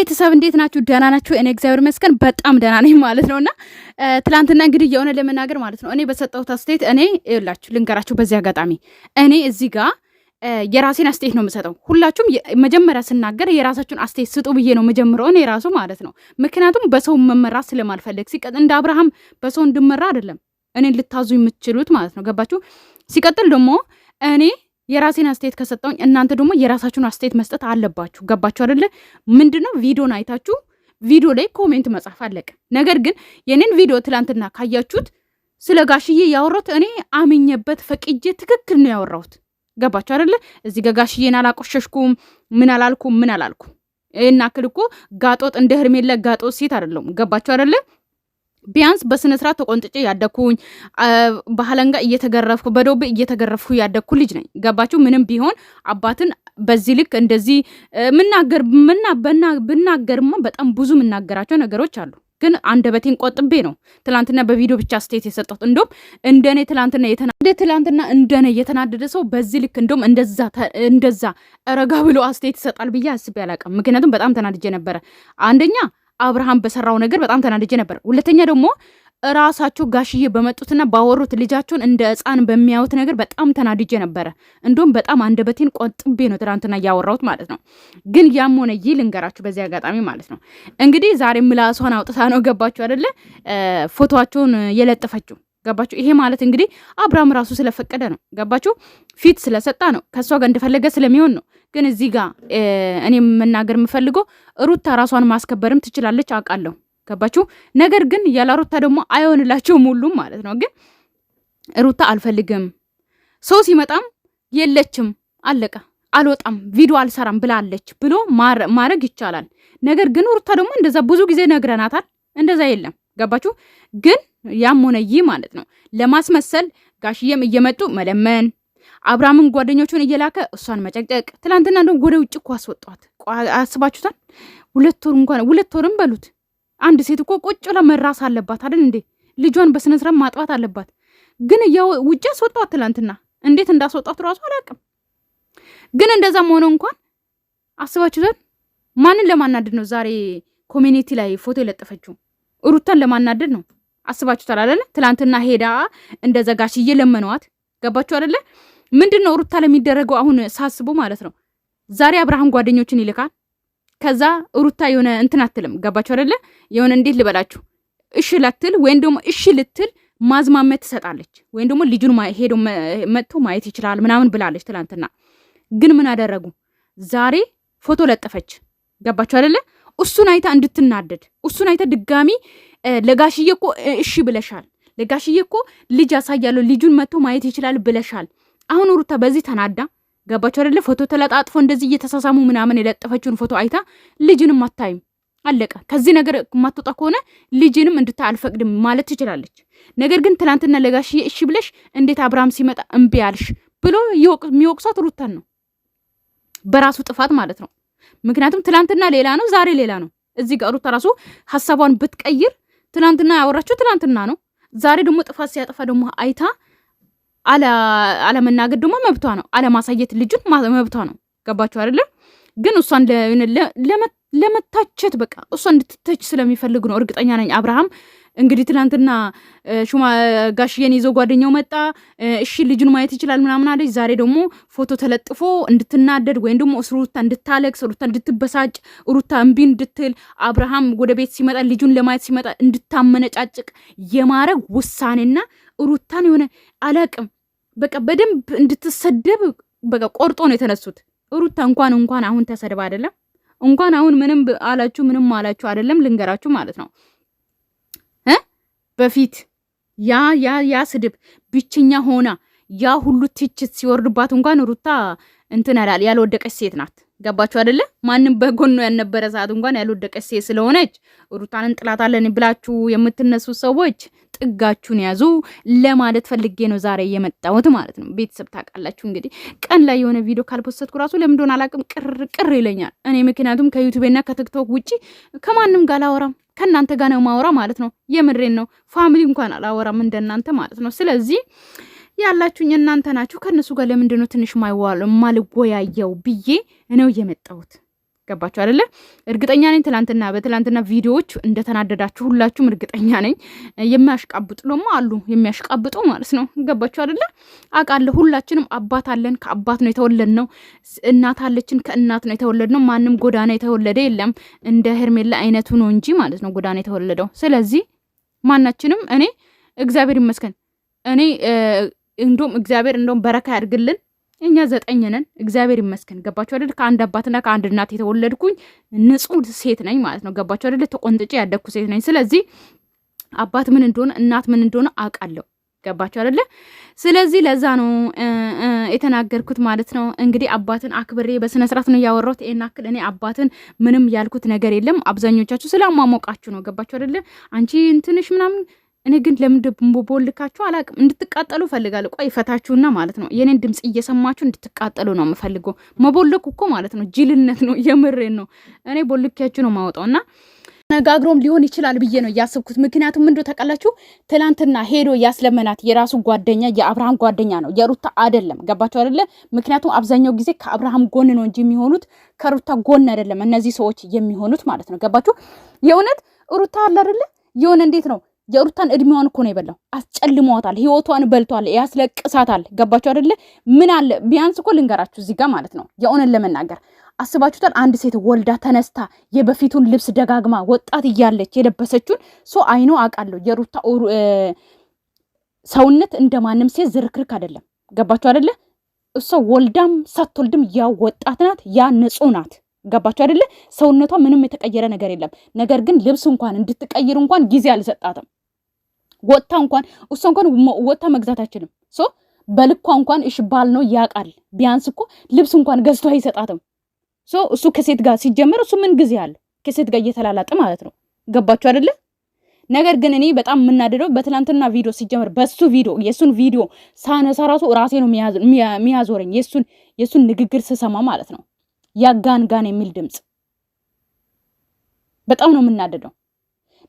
ቤተሰብ እንዴት ናችሁ? ደህና ናችሁ? እኔ እግዚአብሔር ይመስገን በጣም ደህና ነኝ ማለት ነው። እና ትላንትና እንግዲህ የሆነ ለመናገር ማለት ነው እኔ በሰጠሁት አስተያየት እኔ ይላችሁ ልንገራችሁ በዚህ አጋጣሚ እኔ እዚህ ጋር የራሴን አስተያየት ነው የምሰጠው። ሁላችሁም መጀመሪያ ስናገር የራሳችሁን አስተያየት ስጡ ብዬ ነው መጀመሪያው እኔ ራሱ ማለት ነው። ምክንያቱም በሰው መመራ ስለማልፈለግ ሲቀጥ እንደ አብርሃም በሰው እንድመራ አይደለም እኔን ልታዙ የምትችሉት ማለት ነው። ገባችሁ? ሲቀጥል ደግሞ እኔ የራሴን አስተያየት ከሰጠውኝ እናንተ ደግሞ የራሳችሁን አስተያየት መስጠት አለባችሁ። ገባችሁ አደለ? ምንድነው ቪዲዮን አይታችሁ ቪዲዮ ላይ ኮሜንት መጻፍ አለቀ። ነገር ግን የኔን ቪዲዮ ትላንትና ካያችሁት ስለ ጋሽዬ ያወራሁት እኔ አምኜበት ፈቅጄ ትክክል ነው ያወራሁት። ገባችሁ አደለ? እዚህ ጋሽዬን አላቆሸሽኩም፣ ምን አላልኩም፣ ምን አላልኩም። ይህን አክል እኮ ጋጦጥ እንደ ህርሜለ ጋጦጥ ሴት አይደለሁም። ገባችሁ አይደለ? ቢያንስ በስነ ስርዓት ተቆንጥጬ ያደግኩኝ ባህለንጋ እየተገረፍኩ በዶብ እየተገረፍኩ ያደግኩ ልጅ ነኝ። ገባችሁ? ምንም ቢሆን አባትን በዚህ ልክ እንደዚህ ምናገር ብናገርማ በጣም ብዙ የምናገራቸው ነገሮች አሉ። ግን አንደበቴን ቆጥቤ ነው ትላንትና በቪዲዮ ብቻ ስቴት የሰጠሁት። እንዶም እንደኔ ትላንትና የተናደ ትላንትና እንደኔ የተናደደ ሰው በዚህ ልክ እንዶም እንደዛ ረጋ ብሎ አስቴት ይሰጣል ብዬ አስቤ አላውቅም። ምክንያቱም በጣም ተናድጄ ነበረ አንደኛ አብርሃም በሰራው ነገር በጣም ተናድጄ ነበር። ሁለተኛ ደግሞ ራሳቸው ጋሽዬ በመጡትና ባወሩት ልጃቸውን እንደ ሕፃን በሚያዩት ነገር በጣም ተናድጄ ነበረ። እንዲሁም በጣም አንደበቴን ቆጥቤ ነው ትናንትና እያወራሁት ማለት ነው። ግን ያም ሆነ ይህ ልንገራችሁ በዚህ አጋጣሚ ማለት ነው እንግዲህ ዛሬ ምላሷን አውጥታ ነው ገባችሁ አደለ ፎቶቸውን የለጠፈችው ገባችሁ? ይሄ ማለት እንግዲህ አብርሃም ራሱ ስለፈቀደ ነው። ገባችሁ? ፊት ስለሰጣ ነው። ከእሷ ጋር እንደፈለገ ስለሚሆን ነው። ግን እዚህ ጋር እኔ መናገር የምፈልገው ሩታ ራሷን ማስከበርም ትችላለች፣ አውቃለሁ። ገባችሁ? ነገር ግን ያለ ሩታ ደግሞ አይሆንላቸውም ሁሉም ማለት ነው። ግን ሩታ አልፈልግም፣ ሰው ሲመጣም የለችም፣ አለቀ፣ አልወጣም፣ ቪዲዮ አልሰራም ብላለች ብሎ ማድረግ ይቻላል። ነገር ግን ሩታ ደግሞ እንደዛ ብዙ ጊዜ ነግረናታል፣ እንደዛ የለም። ገባችሁ? ግን ያም ሆነ ይህ ማለት ነው ለማስመሰል ጋሽዬም እየመጡ መለመን አብርሃምን ጓደኞቹን እየላከ እሷን መጨቅጨቅ። ትላንትና እንደውም ወደ ውጭ እኮ አስወጧት። አስባችሁታል? ሁለት ወር እንኳን ሁለት ወርም በሉት አንድ ሴት እኮ ቁጭ ብላ መራስ አለባት አይደል እንዴ? ልጇን በስነ ስርዓት ማጥባት አለባት። ግን ያው ውጭ አስወጧት ትላንትና። እንዴት እንዳስወጧት እራሱ አላውቅም። ግን እንደዛም ሆኖ እንኳን አስባችሁታል? ማንን ለማናደድ ነው ዛሬ ኮሚኒቲ ላይ ፎቶ የለጠፈችው? ሩታን ለማናደድ ነው። አስባችሁታል አይደለ? ትላንትና ሄዳ እንደዛ ጋሽ እየለመነዋት ገባችሁ አይደለ? ምንድን ነው ሩታ ለሚደረገው አሁን ሳስቦ ማለት ነው። ዛሬ አብርሃም ጓደኞችን ይልካል። ከዛ ሩታ የሆነ እንትን አትልም። ገባችሁ አይደለ? የሆነ እንዴት ልበላችሁ እሺ ላትል ወይም ደግሞ እሺ ልትል ማዝማመት ትሰጣለች። ወይም ደግሞ ልጁን ሄዶ መጥቶ ማየት ይችላል ምናምን ብላለች ትላንትና። ግን ምን አደረጉ? ዛሬ ፎቶ ለጠፈች። ገባችሁ አይደለ? እሱን አይታ እንድትናደድ እሱን አይታ ድጋሚ ለጋሽዬ እኮ እሺ ብለሻል፣ ለጋሽዬ እኮ ልጅ ያሳያለሁ ልጁን መጥቶ ማየት ይችላል ብለሻል። አሁን ሩታ በዚህ ተናዳ ገባቸው አይደለ? ፎቶ ተለጣጥፎ እንደዚህ እየተሳሳሙ ምናምን የለጠፈችውን ፎቶ አይታ ልጅንም አታይም። አለቀ። ከዚህ ነገር የማትወጣ ከሆነ ልጅንም እንድታ አልፈቅድም ማለት ትችላለች። ነገር ግን ትናንትና ለጋሽዬ እሺ ብለሽ እንዴት አብርሃም ሲመጣ እምቢ አልሽ ብሎ የሚወቅሳት ሩታን ነው፣ በራሱ ጥፋት ማለት ነው። ምክንያቱም ትላንትና ሌላ ነው፣ ዛሬ ሌላ ነው። እዚህ ጋር ሩታ ራሱ ሀሳቧን ብትቀይር ትላንትና ያወራችው ትላንትና ነው። ዛሬ ደግሞ ጥፋት ሲያጠፋ ደግሞ አይታ አለመናገድ ደግሞ መብቷ ነው። አለማሳየት ልጁን መብቷ ነው። ገባችሁ አይደለም? ግን እሷን ለመታቸት በቃ እሷ እንድትተች ስለሚፈልግ ነው እርግጠኛ ነኝ አብርሃም። እንግዲህ ትናንትና ሹማ ጋሽዬን ይዘው ጓደኛው መጣ። እሺ ልጁን ማየት ይችላል ምናምን አለች። ዛሬ ደግሞ ፎቶ ተለጥፎ እንድትናደድ ወይም ደግሞ ሩታ እንድታለቅስ፣ ሩታ እንድትበሳጭ፣ ሩታ እምቢ እንድትል፣ አብርሃም ወደ ቤት ሲመጣ ልጁን ለማየት ሲመጣ እንድታመነጫጭቅ የማረግ ውሳኔና ሩታን የሆነ አላቅም በቃ በደንብ እንድትሰደብ በቃ ቆርጦ ነው የተነሱት። ሩታ እንኳን እንኳን አሁን ተሰድባ አይደለም እንኳን አሁን ምንም አላችሁ ምንም አላችሁ አይደለም ልንገራችሁ ማለት ነው እ በፊት ያ ያ ያ ስድብ ብቸኛ ሆና ያ ሁሉ ትችት ሲወርድባት እንኳን ሩታ እንትን ያላል ያልወደቀች ሴት ናት። ገባችሁ አይደለ? ማንም በጎኖ ያልነበረ ሰዓት እንኳን ያልወደቀች ሴት ስለሆነች ሩታን እንጥላታለን ብላችሁ የምትነሱ ሰዎች ጥጋችሁን ያዙ ለማለት ፈልጌ ነው ዛሬ የመጣሁት ማለት ነው። ቤተሰብ ታውቃላችሁ እንግዲህ ቀን ላይ የሆነ ቪዲዮ ካልፖሰትኩ ራሱ ለምን እንደሆነ አላውቅም፣ ቅር ቅር ይለኛል። እኔ ምክንያቱም ከዩቱቤና ከቲክቶክ ውጪ ከማንም ጋር አላወራም ከእናንተ ጋር ነው ማወራ ማለት ነው። የምሬን ነው። ፋሚሊ እንኳን አላወራም እንደናንተ ማለት ነው። ስለዚህ ያላችሁኝ እናንተ ናችሁ። ከእነሱ ጋር ለምንድነው ትንሽ ማይዋሉ ማልጎያየው ብዬ ነው የመጣሁት። ገባችሁ አደለ? እርግጠኛ ነኝ ትላንትና በትላንትና ቪዲዮዎች እንደተናደዳችሁ ሁላችሁም እርግጠኛ ነኝ። የሚያሽቃብጡ ደግሞ አሉ፣ የሚያሽቃብጡ ማለት ነው። ገባችሁ አደለ? አውቃለሁ። ሁላችንም አባት አለን፣ ከአባት ነው የተወለድነው። እናት አለችን፣ ከእናት ነው የተወለድነው። ማንም ጎዳና የተወለደ የለም እንደ ሄርሜላ አይነቱ ነው እንጂ ማለት ነው ጎዳና የተወለደው። ስለዚህ ማናችንም እኔ እግዚአብሔር ይመስገን እኔ እንዲሁም እግዚአብሔር እንደውም በረካ ያድርግልን እኛ ዘጠኝ ነን። እግዚአብሔር ይመስገን። ገባችሁ አይደል? ከአንድ አባትና ከአንድ እናት የተወለድኩኝ ንጹህ ሴት ነኝ ማለት ነው። ገባችሁ አይደል? ተቆንጥጬ ያደግኩ ሴት ነኝ። ስለዚህ አባት ምን እንደሆነ እናት ምን እንደሆነ አውቃለሁ። ገባችሁ አይደለ? ስለዚህ ለዛ ነው የተናገርኩት ማለት ነው። እንግዲህ አባትን አክብሬ በስነ ስርዓት ነው ያወራሁት። ይሄን አክል እኔ አባትን ምንም ያልኩት ነገር የለም። አብዛኞቻችሁ ስለማሞቃችሁ ነው። ገባችሁ አይደለ? አንቺ እንትንሽ ምናምን እኔ ግን ለምን ልካችሁ አላቅም። እንድትቃጠሉ እፈልጋለሁ። ቆይ ፈታችሁና ማለት ነው የኔን ድምፅ እየሰማችሁ እንድትቃጠሉ ነው የምፈልገው። መቦለኩ እኮ ማለት ነው ጅልነት ነው። የምሬን ነው። እኔ ቦልኪያችሁ ነው ማወጣው እና ነጋግሮም ሊሆን ይችላል ብዬ ነው እያስብኩት። ምክንያቱም ምንድ ተቀላችሁ ትላንትና ሄዶ ያስለመናት የራሱ ጓደኛ የአብርሃም ጓደኛ ነው የሩታ አይደለም። ገባቸው አይደለ? ምክንያቱም አብዛኛው ጊዜ ከአብርሃም ጎን ነው እንጂ የሚሆኑት ከሩታ ጎን አይደለም እነዚህ ሰዎች የሚሆኑት ማለት ነው። ገባችሁ? የእውነት ሩታ አለ አይደለ? የሆነ እንዴት ነው የሩታን እድሜዋን እኮ ነው የበላው። አስጨልሟታል፣ ህይወቷን በልቷል፣ ያስለቅሳታል። ገባችሁ አደለ? ምን አለ ቢያንስ እኮ ልንገራችሁ እዚህ ጋር ማለት ነው የእውነት ለመናገር አስባችሁታል? አንድ ሴት ወልዳ ተነስታ የበፊቱን ልብስ ደጋግማ ወጣት እያለች የለበሰችውን ሶ አይኖ አውቃለሁ። የሩታ ሰውነት እንደማንም ሴት ዝርክርክ አይደለም። ገባችሁ አደለ? እሷ ወልዳም ሳትወልድም ያ ወጣት ናት፣ ያ ንጹህ ናት። ገባችሁ አይደለ? ሰውነቷ ምንም የተቀየረ ነገር የለም። ነገር ግን ልብስ እንኳን እንድትቀይር እንኳን ጊዜ አልሰጣትም። ወጥታ እንኳን እሷ እንኳን ወጥታ መግዛት አችልም። ሶ በልኳ እንኳን እሽ ባል ነው ያውቃል። ቢያንስ እኮ ልብስ እንኳን ገዝቶ አይሰጣትም። ሶ እሱ ከሴት ጋር ሲጀመር እሱ ምን ጊዜ አለ ከሴት ጋር እየተላላጠ ማለት ነው። ገባችሁ አይደለ? ነገር ግን እኔ በጣም የምናደደው በትናንትና ቪዲዮ ሲጀመር በሱ ቪዲዮ የእሱን ቪዲዮ ሳነሳ ራሱ ራሴ ነው የሚያዞረኝ የእሱን ንግግር ስሰማ ማለት ነው። ያጋንጋን የሚል ድምፅ በጣም ነው የምናደደው።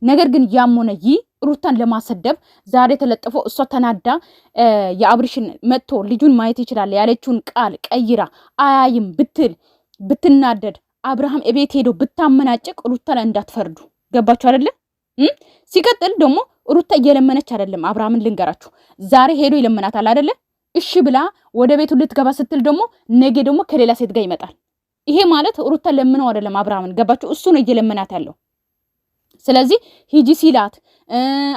ነገር ግን ያም ሆነ ይህ ሩታን ለማሰደብ ዛሬ ተለጥፎ እሷ ተናዳ የአብርሽን መጥቶ ልጁን ማየት ይችላል ያለችውን ቃል ቀይራ አያይም ብትል ብትናደድ አብርሃም እቤት ሄዶ ብታመናጭቅ ሩታ ላይ እንዳትፈርዱ። ገባችሁ አይደለ? ሲቀጥል ደግሞ ሩታ እየለመነች አደለም አብርሃምን ልንገራችሁ፣ ዛሬ ሄዶ ይለመናታል አደለ? እሺ ብላ ወደ ቤቱ ልትገባ ስትል ደግሞ ነገ ደግሞ ከሌላ ሴት ጋር ይመጣል። ይሄ ማለት ሩታ ለምነው አደለም አብርሃምን። ገባችሁ? እሱ ነው እየለመናት ያለው። ስለዚህ ሂጂ ሲላት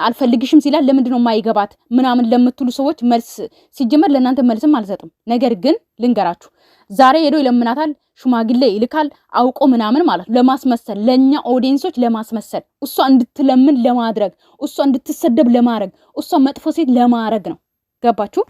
አልፈልግሽም ሲላት ለምንድን ነው የማይገባት ምናምን ለምትሉ ሰዎች መልስ ሲጀመር ለእናንተ መልስም አልሰጥም። ነገር ግን ልንገራችሁ ዛሬ ሄዶ ይለምናታል፣ ሽማግሌ ይልካል፣ አውቆ ምናምን ማለት ነው ለማስመሰል ለእኛ ኦዲየንሶች ለማስመሰል እሷ እንድትለምን ለማድረግ እሷ እንድትሰደብ ለማድረግ እሷ መጥፎ ሴት ለማድረግ ነው። ገባችሁ?